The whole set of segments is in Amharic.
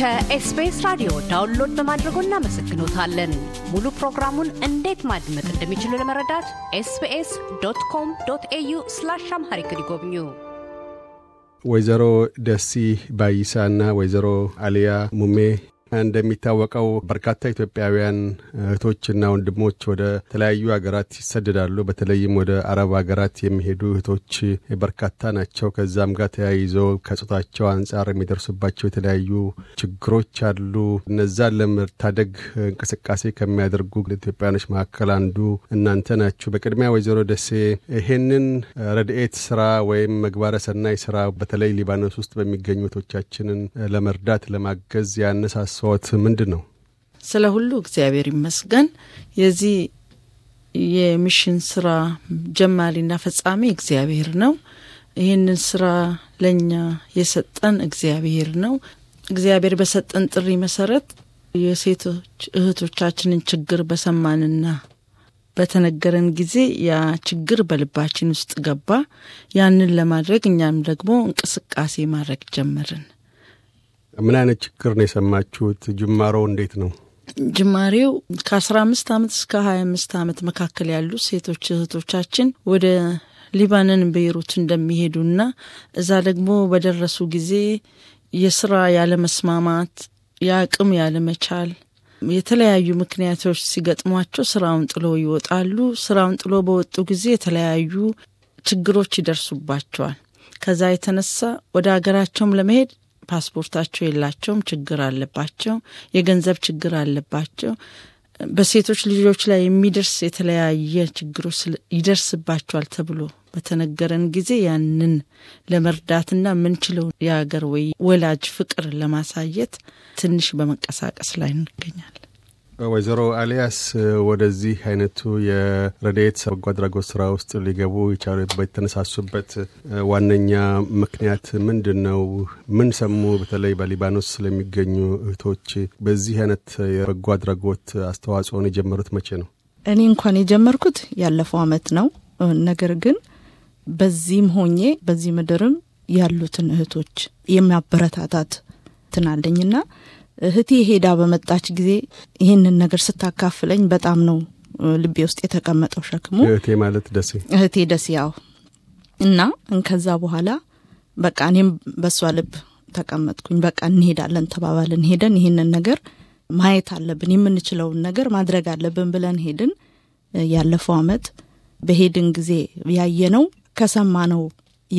ከኤስቢኤስ ራዲዮ ዳውንሎድ በማድረጎ እናመሰግኖታለን። ሙሉ ፕሮግራሙን እንዴት ማድመጥ እንደሚችሉ ለመረዳት ኤስቢኤስ ዶት ኮም ዶት ኤዩ ስላሽ አምሃሪክ ይጎብኙ። ወይዘሮ ደሲ ባይሳና ወይዘሮ አሊያ ሙሜ እንደሚታወቀው በርካታ ኢትዮጵያውያን እህቶችና ወንድሞች ወደ ተለያዩ ሀገራት ይሰደዳሉ። በተለይም ወደ አረብ ሀገራት የሚሄዱ እህቶች በርካታ ናቸው። ከዛም ጋር ተያይዞ ከጾታቸው አንጻር የሚደርሱባቸው የተለያዩ ችግሮች አሉ። እነዛን ለመታደግ እንቅስቃሴ ከሚያደርጉ ኢትዮጵያውያኖች መካከል አንዱ እናንተ ናችሁ። በቅድሚያ ወይዘሮ ደሴ ይሄንን ረድኤት ስራ ወይም መግባረ ሰናይ ስራ በተለይ ሊባኖስ ውስጥ በሚገኙ እህቶቻችንን ለመርዳት ለማገዝ ያነሳሱ ያነሳዎት ምንድን ነው? ስለ ሁሉ እግዚአብሔር ይመስገን። የዚህ የሚሽን ስራ ጀማሪና ፈጻሚ እግዚአብሔር ነው። ይህንን ስራ ለእኛ የሰጠን እግዚአብሔር ነው። እግዚአብሔር በሰጠን ጥሪ መሰረት የሴቶች እህቶቻችንን ችግር በሰማንና በተነገረን ጊዜ ያ ችግር በልባችን ውስጥ ገባ። ያንን ለማድረግ እኛም ደግሞ እንቅስቃሴ ማድረግ ጀመርን። ምን አይነት ችግር ነው የሰማችሁት? ጅማሮ እንዴት ነው? ጅማሬው ከአስራ አምስት አመት እስከ ሀያ አምስት አመት መካከል ያሉ ሴቶች እህቶቻችን ወደ ሊባንን ቤይሩት እንደሚሄዱና እዛ ደግሞ በደረሱ ጊዜ የስራ ያለመስማማት፣ የአቅም ያለመቻል የተለያዩ ምክንያቶች ሲገጥሟቸው ስራውን ጥሎ ይወጣሉ። ስራውን ጥሎ በወጡ ጊዜ የተለያዩ ችግሮች ይደርሱባቸዋል። ከዛ የተነሳ ወደ ሀገራቸውም ለመሄድ ፓስፖርታቸው የላቸውም፣ ችግር አለባቸው፣ የገንዘብ ችግር አለባቸው። በሴቶች ልጆች ላይ የሚደርስ የተለያየ ችግሮች ይደርስባቸዋል ተብሎ በተነገረን ጊዜ ያንን ለመርዳትና ምንችለው የሀገር ወይ ወላጅ ፍቅር ለማሳየት ትንሽ በመንቀሳቀስ ላይ እንገኛለን። ወይዘሮ አሊያስ ወደዚህ አይነቱ የረዳየት በጎ አድራጎት ስራ ውስጥ ሊገቡ የቻሉበት የተነሳሱበት ዋነኛ ምክንያት ምንድን ነው? ምን ሰሙ? በተለይ በሊባኖስ ስለሚገኙ እህቶች በዚህ አይነት የበጎ አድራጎት አስተዋጽኦን የጀመሩት መቼ ነው? እኔ እንኳን የጀመርኩት ያለፈው አመት ነው። ነገር ግን በዚህም ሆኜ በዚህ ምድርም ያሉትን እህቶች የሚያበረታታት ትናለኝና እህቴ ሄዳ በመጣች ጊዜ ይህንን ነገር ስታካፍለኝ በጣም ነው ልቤ ውስጥ የተቀመጠው ሸክሙ። እህቴ ማለት ደሴ፣ እህቴ ደሴ። ያው እና ከዛ በኋላ በቃ እኔም በእሷ ልብ ተቀመጥኩኝ። በቃ እንሄዳለን ተባባልን። ሄደን ይህንን ነገር ማየት አለብን፣ የምንችለውን ነገር ማድረግ አለብን ብለን ሄድን። ያለፈው አመት በሄድን ጊዜ ያየነው ነው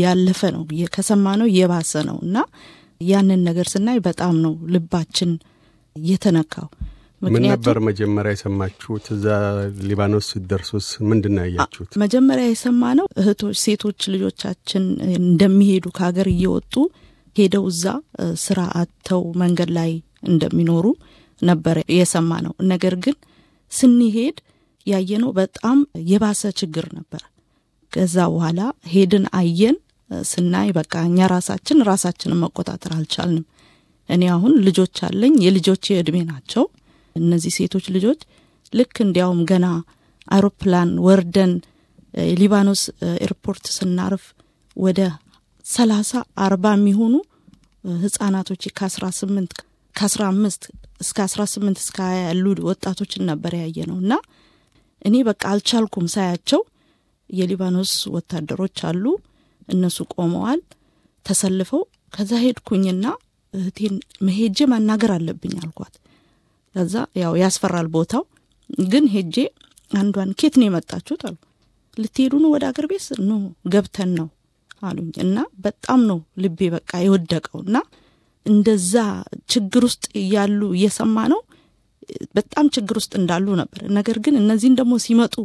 ያለፈ ነው፣ ነው የባሰ ነው እና ያንን ነገር ስናይ በጣም ነው ልባችን የተነካው። ምን ነበር መጀመሪያ የሰማችሁት? እዛ ሊባኖስ ስትደርሱስ ምንድን ነው ያያችሁት? መጀመሪያ የሰማ ነው እህቶች፣ ሴቶች ልጆቻችን እንደሚሄዱ ከሀገር እየወጡ ሄደው እዛ ስራ አጥተው መንገድ ላይ እንደሚኖሩ ነበረ የሰማ ነው። ነገር ግን ስንሄድ ያየነው በጣም የባሰ ችግር ነበር። ከዛ በኋላ ሄድን አየን ስናይ በቃ እኛ ራሳችን ራሳችንን መቆጣጠር አልቻልንም። እኔ አሁን ልጆች አለኝ፣ የልጆች የእድሜ ናቸው። እነዚህ ሴቶች ልጆች ልክ እንዲያውም ገና አይሮፕላን ወርደን የሊባኖስ ኤርፖርት ስናርፍ ወደ ሰላሳ አርባ የሚሆኑ ህጻናቶች ከአስራ ስምንት ከአስራ አምስት እስከ አስራ ስምንት እስከ ሀያ ያሉ ወጣቶችን ነበር ያየ ነው እና እኔ በቃ አልቻልኩም ሳያቸው የሊባኖስ ወታደሮች አሉ እነሱ ቆመዋል ተሰልፈው። ከዛ ሄድኩኝና እህቴን መሄጄ ማናገር አለብኝ አልኳት። ከዛ ያው ያስፈራል ቦታው ግን ሄጄ አንዷን ኬት ነው የመጣችሁት አሉ። ልትሄዱ ነው ወደ አገር ቤት ኖ ገብተን ነው አሉኝ። እና በጣም ነው ልቤ በቃ የወደቀው እና እንደዛ ችግር ውስጥ እያሉ እየሰማ ነው በጣም ችግር ውስጥ እንዳሉ ነበር። ነገር ግን እነዚህን ደግሞ ሲመጡ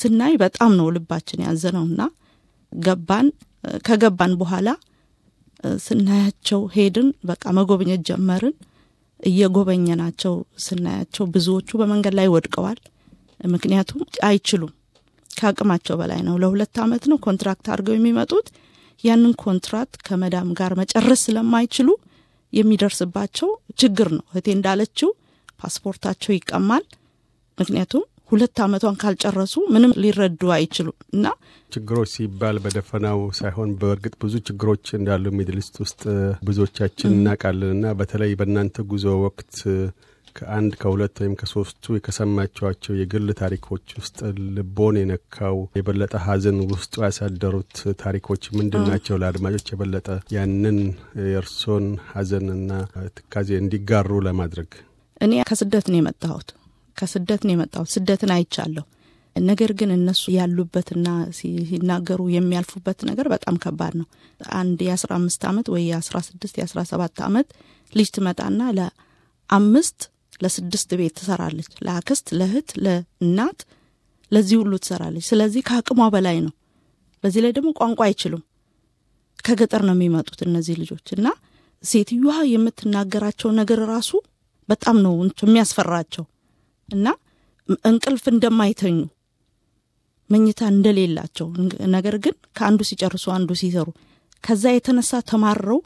ስናይ በጣም ነው ልባችን ያዘነውና ገባን። ከገባን በኋላ ስናያቸው ሄድን፣ በቃ መጎብኘት ጀመርን። እየጎበኘናቸው ስናያቸው ብዙዎቹ በመንገድ ላይ ወድቀዋል። ምክንያቱም አይችሉም፣ ከአቅማቸው በላይ ነው። ለሁለት አመት ነው ኮንትራክት አድርገው የሚመጡት። ያንን ኮንትራክት ከመዳም ጋር መጨረስ ስለማይችሉ የሚደርስባቸው ችግር ነው። እህቴ እንዳለችው ፓስፖርታቸው ይቀማል። ምክንያቱም ሁለት ዓመቷን ካልጨረሱ ምንም ሊረዱ አይችሉም እና ችግሮች ሲባል በደፈናው ሳይሆን በእርግጥ ብዙ ችግሮች እንዳሉ ሚድልስት ውስጥ ብዙዎቻችን እናውቃለን እና በተለይ በእናንተ ጉዞ ወቅት ከአንድ ከሁለት ወይም ከሶስቱ ከሰማችኋቸው የግል ታሪኮች ውስጥ ልቦን የነካው የበለጠ ሀዘን ውስጡ ያሳደሩት ታሪኮች ምንድን ናቸው? ለአድማጮች የበለጠ ያንን የእርሶን ሀዘንና ትካዜ እንዲጋሩ ለማድረግ እኔ ከስደት ነው የመጣሁት ከስደት ነው የመጣሁት። ስደትን አይቻለሁ። ነገር ግን እነሱ ያሉበትና ሲናገሩ የሚያልፉበት ነገር በጣም ከባድ ነው። አንድ የአስራ አምስት ዓመት ወይ የአስራ ስድስት የአስራ ሰባት አመት ልጅ ትመጣና ለአምስት ለስድስት ቤት ትሰራለች። ለአክስት፣ ለእህት፣ ለእናት ለዚህ ሁሉ ትሰራለች። ስለዚህ ከአቅሟ በላይ ነው። በዚህ ላይ ደግሞ ቋንቋ አይችሉም። ከገጠር ነው የሚመጡት እነዚህ ልጆች እና ሴትዮዋ የምትናገራቸው ነገር ራሱ በጣም ነው የሚያስፈራቸው። እና እንቅልፍ እንደማይተኙ መኝታ እንደሌላቸው ነገር ግን ከአንዱ ሲጨርሱ አንዱ ሲሰሩ ከዛ የተነሳ ተማረው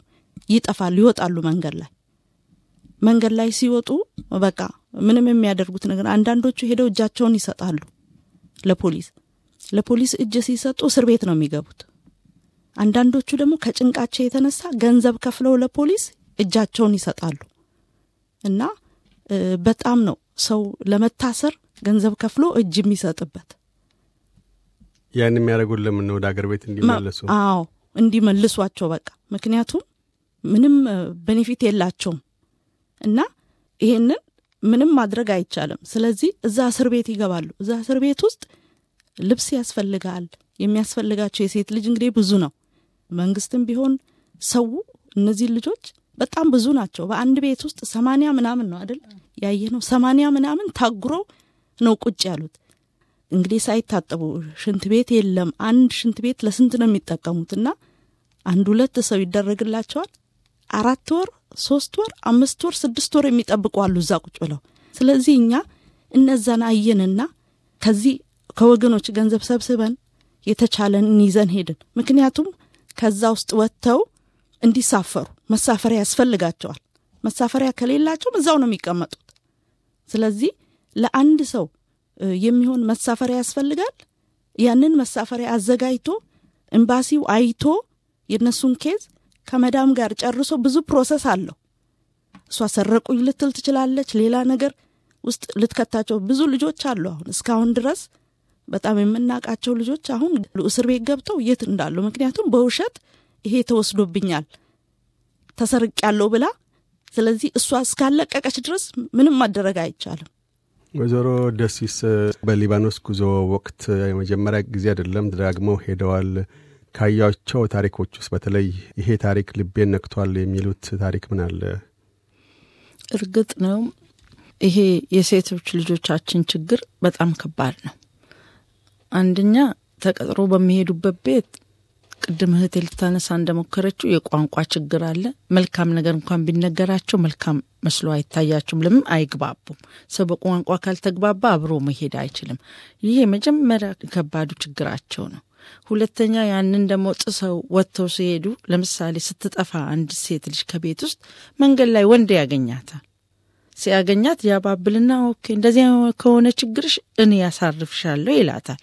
ይጠፋሉ ይወጣሉ መንገድ ላይ መንገድ ላይ ሲወጡ በቃ ምንም የሚያደርጉት ነገር አንዳንዶቹ ሄደው እጃቸውን ይሰጣሉ ለፖሊስ ለፖሊስ እጅ ሲሰጡ እስር ቤት ነው የሚገቡት አንዳንዶቹ ደግሞ ከጭንቃቸው የተነሳ ገንዘብ ከፍለው ለፖሊስ እጃቸውን ይሰጣሉ እና በጣም ነው ሰው ለመታሰር ገንዘብ ከፍሎ እጅ የሚሰጥበት ያን የሚያደረጉን ለምን ነው? ወደ አገር ቤት እንዲመለሱ። አዎ እንዲመልሷቸው በቃ። ምክንያቱም ምንም ቤኔፊት የላቸውም እና ይሄንን ምንም ማድረግ አይቻልም። ስለዚህ እዛ እስር ቤት ይገባሉ። እዛ እስር ቤት ውስጥ ልብስ ያስፈልጋል። የሚያስፈልጋቸው የሴት ልጅ እንግዲህ ብዙ ነው። መንግስትም ቢሆን ሰው እነዚህን ልጆች በጣም ብዙ ናቸው። በአንድ ቤት ውስጥ ሰማንያ ምናምን ነው አይደል ያየ ነው። ሰማንያ ምናምን ታጉሮ ነው ቁጭ ያሉት። እንግዲህ ሳይታጠቡ ሽንት ቤት የለም። አንድ ሽንት ቤት ለስንት ነው የሚጠቀሙት? እና አንድ ሁለት ሰው ይደረግላቸዋል። አራት ወር፣ ሶስት ወር፣ አምስት ወር፣ ስድስት ወር የሚጠብቁ አሉ እዛ ቁጭ ብለው። ስለዚህ እኛ እነዛን አየንና ከዚህ ከወገኖች ገንዘብ ሰብስበን የተቻለን ይዘን ሄድን። ምክንያቱም ከዛ ውስጥ ወጥተው እንዲሳፈሩ መሳፈሪያ ያስፈልጋቸዋል። መሳፈሪያ ከሌላቸውም እዛው ነው የሚቀመጡት። ስለዚህ ለአንድ ሰው የሚሆን መሳፈሪያ ያስፈልጋል። ያንን መሳፈሪያ አዘጋጅቶ ኤምባሲው አይቶ የእነሱን ኬዝ ከመዳም ጋር ጨርሶ ብዙ ፕሮሰስ አለው። እሷ ሰረቁኝ ልትል ትችላለች። ሌላ ነገር ውስጥ ልትከታቸው ብዙ ልጆች አሉ። አሁን እስካሁን ድረስ በጣም የምናውቃቸው ልጆች አሁን እስር ቤት ገብተው የት እንዳሉ ምክንያቱም በውሸት ይሄ ተወስዶብኛል ተሰርቅ ያለው ብላ ስለዚህ እሷ እስካለቀቀች ድረስ ምንም ማደረግ አይቻልም ወይዘሮ ደሲስ በሊባኖስ ጉዞ ወቅት የመጀመሪያ ጊዜ አይደለም ደጋግመው ሄደዋል ካያቸው ታሪኮች ውስጥ በተለይ ይሄ ታሪክ ልቤን ነክቷል የሚሉት ታሪክ ምን አለ እርግጥ ነው ይሄ የሴቶች ልጆቻችን ችግር በጣም ከባድ ነው አንደኛ ተቀጥሮ በሚሄዱበት ቤት ቅድም እህቴ ልታነሳ እንደሞከረችው የቋንቋ ችግር አለ። መልካም ነገር እንኳን ቢነገራቸው መልካም መስሎ አይታያቸውም። ለምን አይግባቡም። ሰው በቋንቋ ካልተግባባ አብሮ መሄድ አይችልም። ይሄ የመጀመሪያ ከባዱ ችግራቸው ነው። ሁለተኛ ያንን ደግሞ ጥሰው ወጥተው ሲሄዱ፣ ለምሳሌ ስትጠፋ አንድ ሴት ልጅ ከቤት ውስጥ መንገድ ላይ ወንድ ያገኛታል። ሲያገኛት ያባብልና ኦኬ፣ እንደዚያ ከሆነ ችግርሽ እኔ ያሳርፍሻለሁ ይላታል።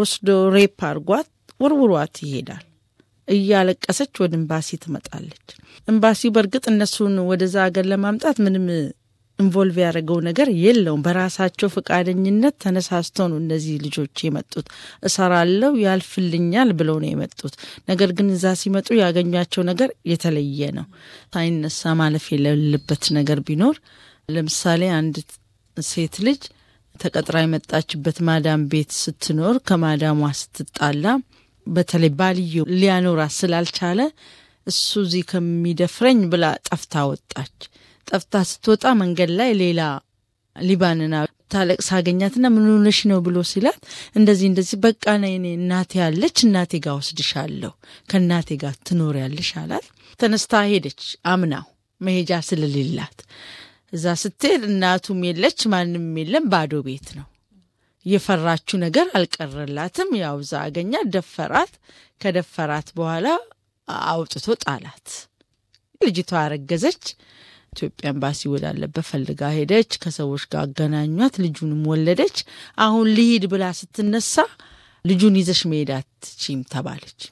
ወስዶ ሬፕ አርጓት ውርውሯት ይሄዳል። እያለቀሰች ወደ ኤምባሲ ትመጣለች። ኤምባሲው በእርግጥ እነሱን ወደዛ ሀገር ለማምጣት ምንም ኢንቮልቭ ያደረገው ነገር የለውም። በራሳቸው ፈቃደኝነት ተነሳስተው ነው እነዚህ ልጆች የመጡት። እሰራለው ያልፍልኛል ብለው ነው የመጡት። ነገር ግን እዛ ሲመጡ ያገኟቸው ነገር የተለየ ነው። ሳይነሳ ማለፍ የሌለበት ነገር ቢኖር ለምሳሌ አንድ ሴት ልጅ ተቀጥራ የመጣችበት ማዳም ቤት ስትኖር ከማዳሟ ስትጣላ በተለይ ባልዩ ሊያኖራት ስላልቻለ እሱ እዚህ ከሚደፍረኝ ብላ ጠፍታ ወጣች። ጠፍታ ስትወጣ መንገድ ላይ ሌላ ሊባንና ታለቅ ሳገኛትና ምን ሆነሽ ነው ብሎ ሲላት እንደዚህ እንደዚህ በቃ ነ እኔ እናቴ ያለች እናቴ ጋር ወስድሻለሁ ከእናቴ ጋር ያለሽ አላት። ተነስታ ሄደች። አምናው መሄጃ ስለሌላት እዛ ስትሄድ እናቱም የለች ማንም የለም፣ ባዶ ቤት ነው። የፈራችው ነገር አልቀረላትም። ያው ብዛ አገኛ ደፈራት። ከደፈራት በኋላ አውጥቶ ጣላት። ልጅቷ ያረገዘች ኢትዮጵያ ኤምባሲ ወዳለበት ፈልጋ ሄደች። ከሰዎች ጋር አገናኟት። ልጁንም ወለደች። አሁን ልሂድ ብላ ስትነሳ ልጁን ይዘሽ መሄድ አትችም ተባለች።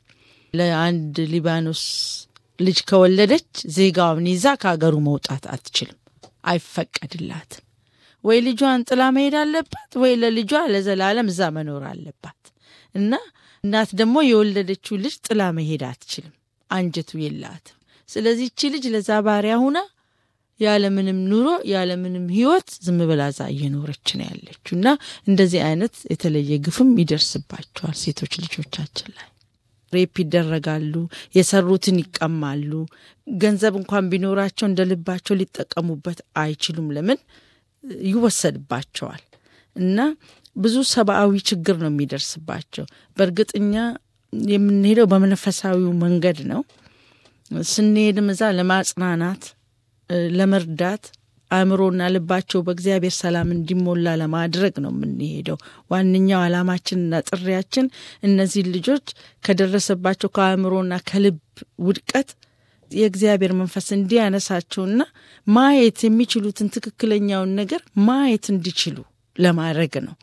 ለአንድ ሊባኖስ ልጅ ከወለደች ዜጋውን ይዛ ከሀገሩ መውጣት አትችልም፣ አይፈቀድላትም። ወይ ልጇን ጥላ መሄድ አለባት ወይ ለልጇ ለዘላለም እዛ መኖር አለባት እና እናት ደግሞ የወለደችው ልጅ ጥላ መሄድ አትችልም፣ አንጀቱ የላትም። ስለዚህ እቺ ልጅ ለዛ ባሪያ ሁና ያለምንም ኑሮ ያለምንም ህይወት ዝም ብላ እዛ እየኖረች ነው ያለችው እና እንደዚህ አይነት የተለየ ግፍም ይደርስባቸዋል ሴቶች ልጆቻችን ላይ ሬፕ ይደረጋሉ። የሰሩትን ይቀማሉ። ገንዘብ እንኳን ቢኖራቸው እንደ ልባቸው ሊጠቀሙበት አይችሉም። ለምን ይወሰድባቸዋል እና ብዙ ሰብአዊ ችግር ነው የሚደርስባቸው። በእርግጥኛ የምንሄደው በመንፈሳዊው መንገድ ነው። ስንሄድም እዛ ለማጽናናት፣ ለመርዳት አእምሮና ልባቸው በእግዚአብሔር ሰላም እንዲሞላ ለማድረግ ነው የምንሄደው። ዋነኛው አላማችንና ጥሪያችን እነዚህን ልጆች ከደረሰባቸው ከአእምሮና ከልብ ውድቀት የእግዚአብሔር መንፈስ እንዲያነሳቸውና ማየት የሚችሉትን ትክክለኛውን ነገር ማየት እንዲችሉ ለማድረግ ነው።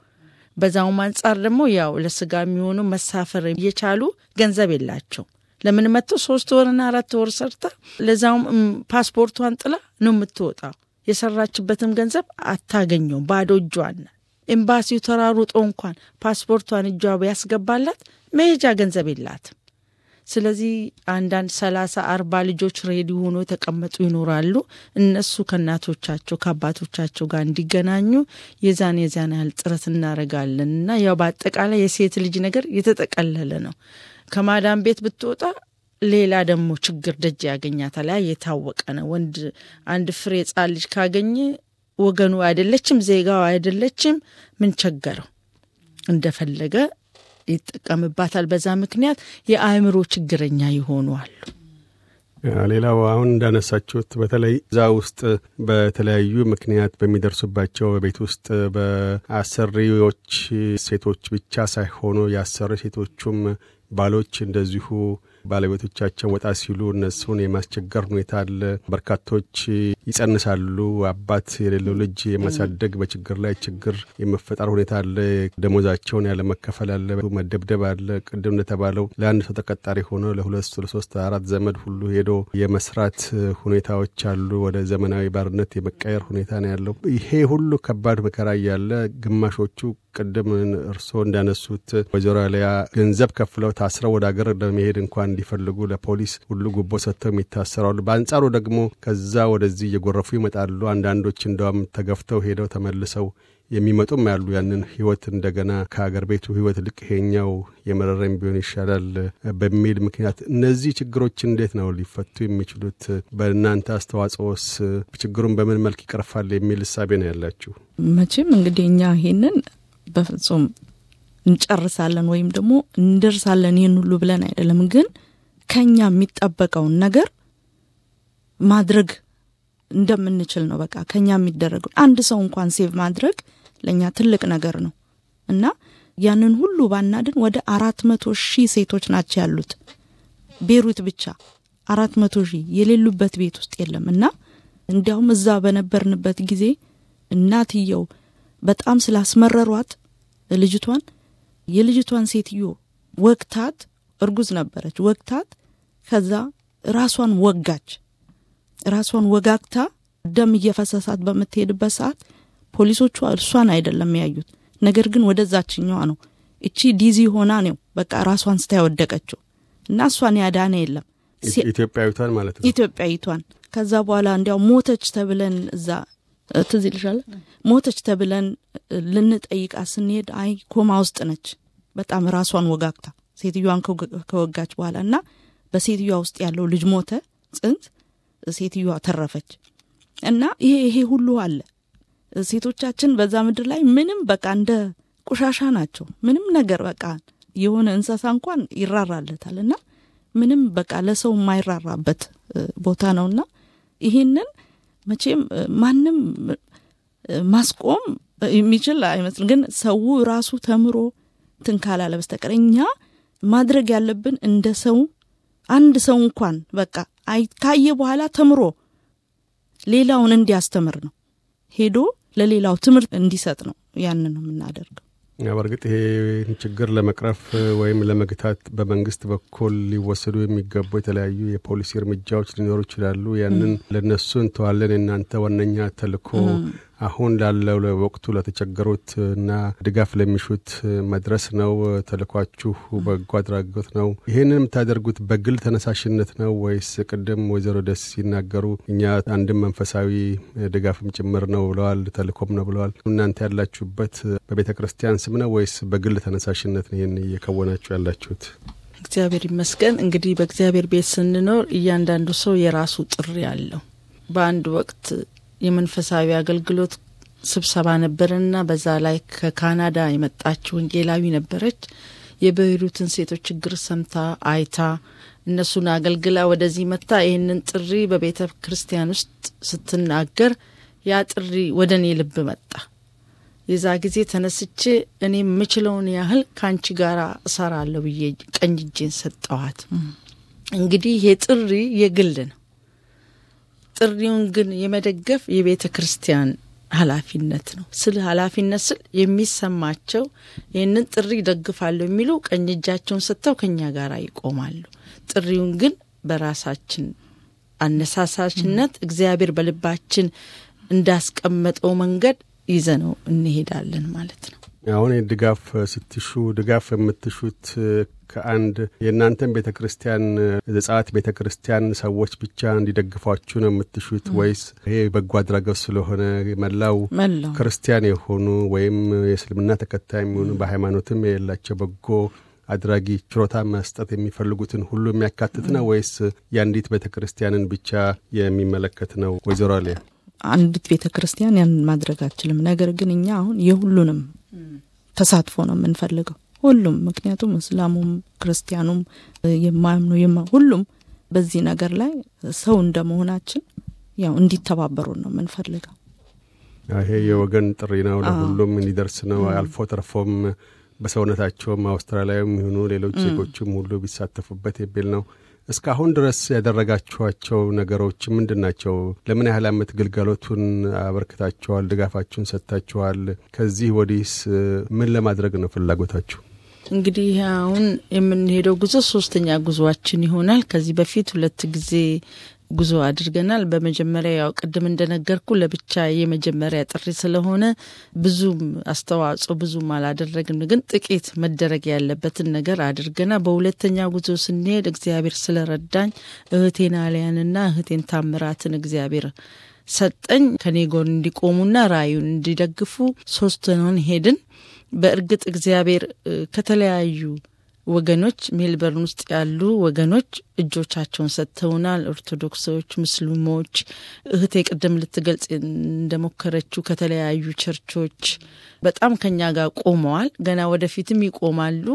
በዛውም አንጻር ደግሞ ያው ለስጋ የሚሆኑ መሳፈር እየቻሉ ገንዘብ የላቸው ለምን መጥቶ ሶስት ወርና አራት ወር ሰርታ ለዛውም ፓስፖርቷን ጥላ ነው የምትወጣው። የሰራችበትም ገንዘብ አታገኘውም። ባዶ እጇና ኤምባሲው ተራሩጦ እንኳን ፓስፖርቷን እጇ ያስገባላት መሄጃ ገንዘብ የላትም። ስለዚህ አንዳንድ ሰላሳ አርባ ልጆች ሬዲ ሆኖ የተቀመጡ ይኖራሉ። እነሱ ከእናቶቻቸው ከአባቶቻቸው ጋር እንዲገናኙ የዛን የዛን ያህል ጥረት እናደርጋለን እና ያው በአጠቃላይ የሴት ልጅ ነገር የተጠቀለለ ነው። ከማዳም ቤት ብትወጣ ሌላ ደግሞ ችግር ደጅ ያገኛታል። ያ የታወቀ ነው። ወንድ አንድ ፍሬ ሕፃን ልጅ ካገኘ ወገኑ አይደለችም፣ ዜጋው አይደለችም። ምን ቸገረው? እንደፈለገ ይጠቀምባታል። በዛ ምክንያት የአእምሮ ችግረኛ የሆኑ አሉ። ሌላው አሁን እንዳነሳችሁት በተለይ እዛ ውስጥ በተለያዩ ምክንያት በሚደርሱባቸው ቤት ውስጥ በአሰሪዎች ሴቶች ብቻ ሳይሆኑ የአሰሪ ሴቶቹም ባሎች እንደዚሁ ባለቤቶቻቸው ወጣ ሲሉ እነሱን የማስቸገር ሁኔታ አለ። በርካቶች ይጸንሳሉ። አባት የሌለው ልጅ የማሳደግ በችግር ላይ ችግር የመፈጠር ሁኔታ አለ። ደሞዛቸውን ያለመከፈል አለ፣ መደብደብ አለ። ቅድም እንደተባለው ለአንድ ሰው ተቀጣሪ ሆነ ለሁለት ለሶስት አራት ዘመድ ሁሉ ሄዶ የመስራት ሁኔታዎች አሉ። ወደ ዘመናዊ ባርነት የመቀየር ሁኔታ ነው ያለው። ይሄ ሁሉ ከባድ መከራ እያለ ግማሾቹ ቅድም እርስዎ እንዳነሱት ወይዘሮ ገንዘብ ከፍለው ታስረው ወደ ሀገር ለመሄድ እንኳን እንዲፈልጉ ለፖሊስ ሁሉ ጉቦ ሰጥተው የሚታሰራሉ። በአንጻሩ ደግሞ ከዛ ወደዚህ እየጎረፉ ይመጣሉ። አንዳንዶች እንደውም ተገፍተው ሄደው ተመልሰው የሚመጡም ያሉ። ያንን ህይወት እንደገና ከሀገር ቤቱ ህይወት ልቅ ይሄኛው የመረረም ቢሆን ይሻላል በሚል ምክንያት እነዚህ ችግሮች እንዴት ነው ሊፈቱ የሚችሉት? በእናንተ አስተዋጽኦስ ችግሩን በምን መልክ ይቀርፋል የሚል እሳቤ ነው ያላችሁ? መቼም እንግዲህ እኛ ይሄንን በፍጹም እንጨርሳለን ወይም ደግሞ እንደርሳለን ይህን ሁሉ ብለን አይደለም። ግን ከኛ የሚጠበቀውን ነገር ማድረግ እንደምንችል ነው። በቃ ከኛ የሚደረገው አንድ ሰው እንኳን ሴቭ ማድረግ ለእኛ ትልቅ ነገር ነው እና ያንን ሁሉ ባናድን ወደ አራት መቶ ሺህ ሴቶች ናቸው ያሉት ቤሩት ብቻ አራት መቶ ሺህ የሌሉበት ቤት ውስጥ የለም እና እንዲያውም እዛ በነበርንበት ጊዜ እናትየው በጣም ስላስመረሯት ልጅቷን የልጅቷን ሴትዮ ወቅታት፣ እርጉዝ ነበረች፣ ወቅታት። ከዛ ራሷን ወጋች። ራሷን ወጋግታ ደም እየፈሰሳት በምትሄድበት ሰዓት ፖሊሶቿ እርሷን አይደለም ያዩት፣ ነገር ግን ወደዛችኛዋ ነው። እቺ ዲዚ ሆና ነው በቃ ራሷን ያወደቀችው እና እሷን ያዳነ የለም ኢትዮጵያዊቷን ማለት ነው ኢትዮጵያዊቷን። ከዛ በኋላ እንዲያው ሞተች ተብለን እዛ ትዝ ይልሻል። ሞተች ተብለን ልንጠይቃት ስንሄድ አይ ኮማ ውስጥ ነች፣ በጣም ራሷን ወጋግታ ሴትዮዋን ከወጋች በኋላ እና በሴትዮዋ ውስጥ ያለው ልጅ ሞተ፣ ጽንት ሴትዮዋ ተረፈች። እና ይሄ ይሄ ሁሉ አለ። ሴቶቻችን በዛ ምድር ላይ ምንም በቃ እንደ ቆሻሻ ናቸው። ምንም ነገር በቃ የሆነ እንስሳ እንኳን ይራራለታል እና ምንም በቃ ለሰው የማይራራበት ቦታ ነውና ይህንን መቼም ማንም ማስቆም የሚችል አይመስልም። ግን ሰው ራሱ ተምሮ ትንካላለ በስተቀር እኛ ማድረግ ያለብን እንደ ሰው አንድ ሰው እንኳን በቃ ካየ በኋላ ተምሮ ሌላውን እንዲያስተምር ነው ሄዶ ለሌላው ትምህርት እንዲሰጥ ነው። ያንን ነው የምናደርገው። በእርግጥ ይሄ ችግር ለመቅረፍ ወይም ለመግታት በመንግስት በኩል ሊወሰዱ የሚገቡ የተለያዩ የፖሊሲ እርምጃዎች ሊኖሩ ይችላሉ። ያንን ለነሱ እንተዋለን። የእናንተ ዋነኛ ተልእኮ አሁን ላለው ለወቅቱ ለተቸገሩት እና ድጋፍ ለሚሹት መድረስ ነው ተልኳችሁ፣ በጎ አድራጎት ነው። ይህንን የምታደርጉት በግል ተነሳሽነት ነው ወይስ ቅድም ወይዘሮ ደስ ሲናገሩ እኛ አንድም መንፈሳዊ ድጋፍም ጭምር ነው ብለዋል፣ ተልኮም ነው ብለዋል። እናንተ ያላችሁበት በቤተ ክርስቲያን ስም ነው ወይስ በግል ተነሳሽነት ነው ይህን እየከወናችሁ ያላችሁት? እግዚአብሔር ይመስገን። እንግዲህ በእግዚአብሔር ቤት ስንኖር እያንዳንዱ ሰው የራሱ ጥሪ አለው። በአንድ ወቅት የመንፈሳዊ አገልግሎት ስብሰባ ነበርና በዛ ላይ ከካናዳ የመጣች ወንጌላዊ ነበረች። የቤይሩትን ሴቶች ችግር ሰምታ አይታ እነሱን አገልግላ ወደዚህ መታ ይህንን ጥሪ በቤተ ክርስቲያን ውስጥ ስትናገር ያ ጥሪ ወደ እኔ ልብ መጣ። የዛ ጊዜ ተነስቼ እኔ የምችለውን ያህል ከአንቺ ጋር እሰራለሁ ብዬ ቀኝ እጄን ሰጠዋት። እንግዲህ ይሄ ጥሪ የግል ነው። ጥሪውን ግን የመደገፍ የቤተ ክርስቲያን ኃላፊነት ነው። ስል ኃላፊነት ስል የሚሰማቸው ይህንን ጥሪ ይደግፋሉ የሚሉ ቀኝ እጃቸውን ሰጥተው ከኛ ጋር ይቆማሉ። ጥሪውን ግን በራሳችን አነሳሳሽነት እግዚአብሔር በልባችን እንዳስቀመጠው መንገድ ይዘነው እንሄዳለን ማለት ነው። አሁን ድጋፍ ስትሹ ድጋፍ የምትሹት ከአንድ የእናንተን ቤተ ክርስቲያን ዘጻት ቤተ ክርስቲያን ሰዎች ብቻ እንዲደግፏችሁ ነው የምትሹት ወይስ ይሄ በጎ አድራጎት ስለሆነ መላው ክርስቲያን የሆኑ ወይም የእስልምና ተከታይ የሚሆኑ በሃይማኖትም የሌላቸው በጎ አድራጊ ችሮታ መስጠት የሚፈልጉትን ሁሉ የሚያካትት ነው ወይስ የአንዲት ቤተ ክርስቲያንን ብቻ የሚመለከት ነው? ወይዘሮ አሊያ አንዲት ቤተ ክርስቲያን ያን ማድረግ አችልም። ነገር ግን እኛ አሁን የሁሉንም ተሳትፎ ነው የምንፈልገው። ሁሉም ምክንያቱም እስላሙም ክርስቲያኑም የማያምኑ ሁሉም በዚህ ነገር ላይ ሰው እንደመሆናችን ያው እንዲተባበሩ ነው የምንፈልገው። ይሄ የወገን ጥሪ ነው፣ ለሁሉም እንዲደርስ ነው። አልፎ ተርፎም በሰውነታቸውም አውስትራሊያም የሆኑ ሌሎች ዜጎችም ሁሉ ቢሳተፉበት የሚል ነው። እስካሁን ድረስ ያደረጋችኋቸው ነገሮች ምንድን ናቸው? ለምን ያህል አመት ግልጋሎቱን አበርክታችኋል? ድጋፋችሁን ሰጥታችኋል? ከዚህ ወዲህስ ምን ለማድረግ ነው ፍላጎታችሁ? እንግዲህ አሁን የምንሄደው ጉዞ ሶስተኛ ጉዞችን ይሆናል። ከዚህ በፊት ሁለት ጊዜ ጉዞ አድርገናል። በመጀመሪያ ያው ቅድም እንደነገርኩ ለብቻ የመጀመሪያ ጥሪ ስለሆነ ብዙም አስተዋጽኦ ብዙም አላደረግም፣ ግን ጥቂት መደረግ ያለበትን ነገር አድርገናል። በሁለተኛ ጉዞ ስንሄድ እግዚአብሔር ስለረዳኝ እህቴን አሊያንና እህቴን ታምራትን እግዚአብሔር ሰጠኝ ከኔ ጎን እንዲቆሙና ራእዩን እንዲደግፉ ሶስት ሆነን ሄድን። በእርግጥ እግዚአብሔር ከተለያዩ ወገኖች ሜልበርን ውስጥ ያሉ ወገኖች እጆቻቸውን ሰጥተውናል። ኦርቶዶክሶች፣ ሙስሊሞች፣ እህቴ ቅድም ልትገልጽ እንደሞከረችው ከተለያዩ ቸርቾች በጣም ከኛ ጋር ቆመዋል። ገና ወደፊትም ይቆማሉ፣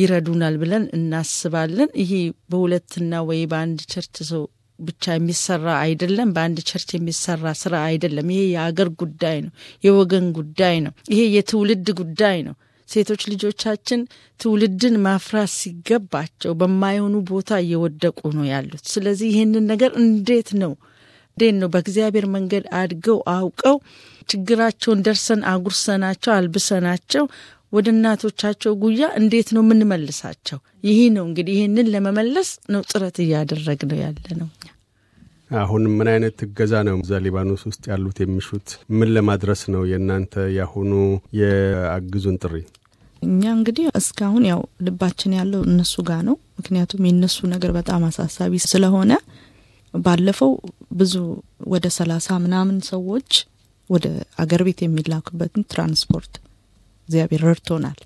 ይረዱናል ብለን እናስባለን። ይሄ በሁለትና ወይ በአንድ ቸርች ሰው ብቻ የሚሰራ አይደለም፣ በአንድ ቸርች የሚሰራ ስራ አይደለም። ይሄ የአገር ጉዳይ ነው፣ የወገን ጉዳይ ነው፣ ይሄ የትውልድ ጉዳይ ነው። ሴቶች ልጆቻችን ትውልድን ማፍራት ሲገባቸው በማይሆኑ ቦታ እየወደቁ ነው ያሉት። ስለዚህ ይህንን ነገር እንዴት ነው እንዴት ነው በእግዚአብሔር መንገድ አድገው አውቀው ችግራቸውን ደርሰን አጉርሰናቸው አልብሰናቸው ወደ እናቶቻቸው ጉያ እንዴት ነው የምንመልሳቸው? ይህ ነው እንግዲህ ይህንን ለመመለስ ነው ጥረት እያደረግ ነው ያለ ነው። አሁን ምን አይነት እገዛ ነው እዛ ሊባኖስ ውስጥ ያሉት የሚሹት? ምን ለማድረስ ነው የእናንተ ያሁኑ የአግዙን ጥሪ? እኛ እንግዲህ እስካሁን ያው ልባችን ያለው እነሱ ጋር ነው። ምክንያቱም የእነሱ ነገር በጣም አሳሳቢ ስለሆነ ባለፈው ብዙ ወደ ሰላሳ ምናምን ሰዎች ወደ አገር ቤት የሚላኩበትን ትራንስፖርት እግዚአብሔር ረድቶናል።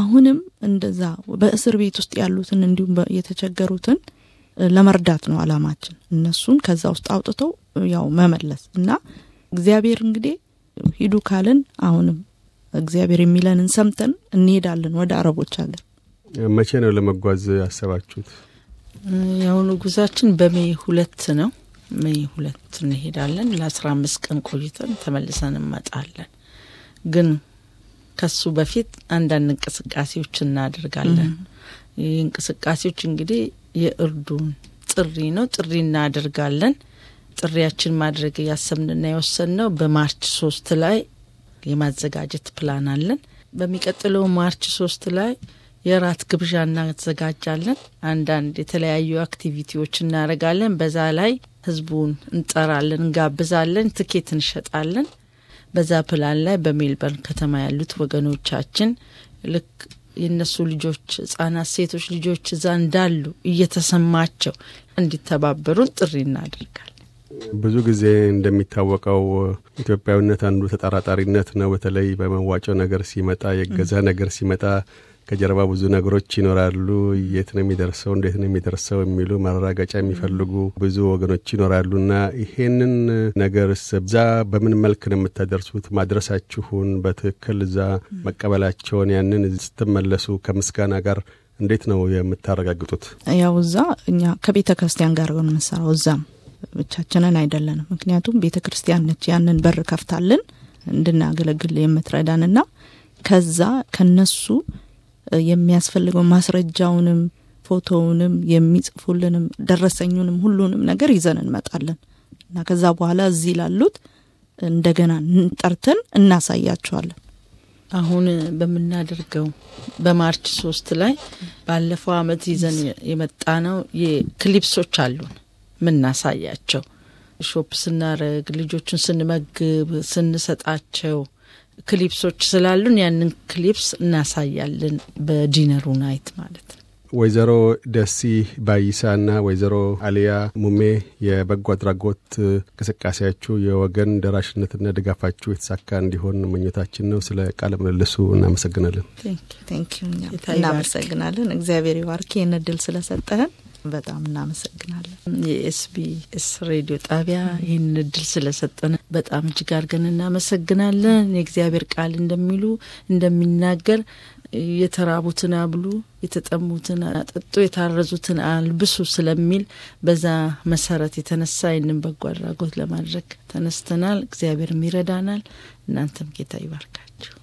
አሁንም እንደዛ በእስር ቤት ውስጥ ያሉትን እንዲሁም የተቸገሩትን ለመርዳት ነው አላማችን። እነሱን ከዛ ውስጥ አውጥተው ያው መመለስ እና እግዚአብሔር እንግዲህ ሂዱ ካልን አሁንም እግዚአብሔር የሚለንን ሰምተን እንሄዳለን ወደ አረቦች አገር መቼ ነው ለመጓዝ ያሰባችሁት? የአሁኑ ጉዟችን በሜ ሁለት ነው። ሜ ሁለት እንሄዳለን። ለአስራ አምስት ቀን ቆይተን ተመልሰን እንመጣለን። ግን ከሱ በፊት አንዳንድ እንቅስቃሴዎች እናደርጋለን። ይህ እንቅስቃሴዎች እንግዲህ የእርዱን ጥሪ ነው። ጥሪ እናደርጋለን። ጥሪያችን ማድረግ የወሰን ነው በማርች ሶስት ላይ የማዘጋጀት ፕላን አለን። በሚቀጥለው ማርች ሶስት ላይ የራት ግብዣ እናዘጋጃለን። አንዳንድ የተለያዩ አክቲቪቲዎች እናደርጋለን። በዛ ላይ ህዝቡን እንጠራለን፣ እንጋብዛለን፣ ትኬት እንሸጣለን። በዛ ፕላን ላይ በሜልበርን ከተማ ያሉት ወገኖቻችን ልክ የእነሱ ልጆች ህጻናት፣ ሴቶች ልጆች እዛ እንዳሉ እየተሰማቸው እንዲተባበሩን ጥሪ እናደርጋል። ብዙ ጊዜ እንደሚታወቀው ኢትዮጵያዊነት አንዱ ተጠራጣሪነት ነው። በተለይ በመዋጮ ነገር ሲመጣ፣ የገዛ ነገር ሲመጣ ከጀርባ ብዙ ነገሮች ይኖራሉ። የት ነው የሚደርሰው? እንዴት ነው የሚደርሰው? የሚሉ ማረጋገጫ የሚፈልጉ ብዙ ወገኖች ይኖራሉና ይሄንን ነገር እዛ በምን መልክ ነው የምታደርሱት? ማድረሳችሁን በትክክል እዛ መቀበላቸውን ያንን ስትመለሱ ከምስጋና ጋር እንዴት ነው የምታረጋግጡት? ያው እዛ እኛ ከቤተ ክርስቲያን ጋር ነው የምንሰራው እዛም ብቻችንን አይደለንም። ምክንያቱም ቤተ ክርስቲያን ነች ያንን በር ከፍታልን እንድናገለግል የምትረዳንና ከዛ ከነሱ የሚያስፈልገው ማስረጃውንም ፎቶውንም የሚጽፉልንም ደረሰኙንም ሁሉንም ነገር ይዘን እንመጣለን እና ከዛ በኋላ እዚህ ላሉት እንደገና ጠርተን እናሳያቸዋለን። አሁን በምናደርገው በማርች ሶስት ላይ ባለፈው አመት ይዘን የመጣ ነው ክሊፕሶች አሉን ምናሳያቸው ሾፕ ስናረግ ልጆቹን ስንመግብ ስንሰጣቸው ክሊፕሶች ስላሉን ያንን ክሊፕስ እናሳያለን በዲነሩ ናይት ማለት ነው። ወይዘሮ ደሲ ባይሳና ወይዘሮ አሊያ ሙሜ የበጎ አድራጎት እንቅስቃሴያችሁ የወገን ደራሽነትና ድጋፋችሁ የተሳካ እንዲሆን ምኞታችን ነው። ስለ ቃለ ምልልሱ እናመሰግናለን። እናመሰግናለን። እግዚአብሔር ይባርክ ይህን እድል ስለሰጠህን። በጣም እናመሰግናለን። የኤስቢኤስ ሬዲዮ ጣቢያ ይህን እድል ስለሰጠን በጣም እጅግ አድርገን እናመሰግናለን። የእግዚአብሔር ቃል እንደሚሉ እንደሚናገር የተራቡትን አብሉ፣ የተጠሙትን አጠጡ፣ የታረዙትን አልብሱ ስለሚል በዛ መሰረት የተነሳ ይህንን በጎ አድራጎት ለማድረግ ተነስተናል። እግዚአብሔርም ይረዳናል። እናንተም ጌታ ይባርካችሁ።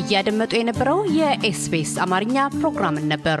እያደመጡ የነበረው የኤስቢኤስ አማርኛ ፕሮግራምን ነበር።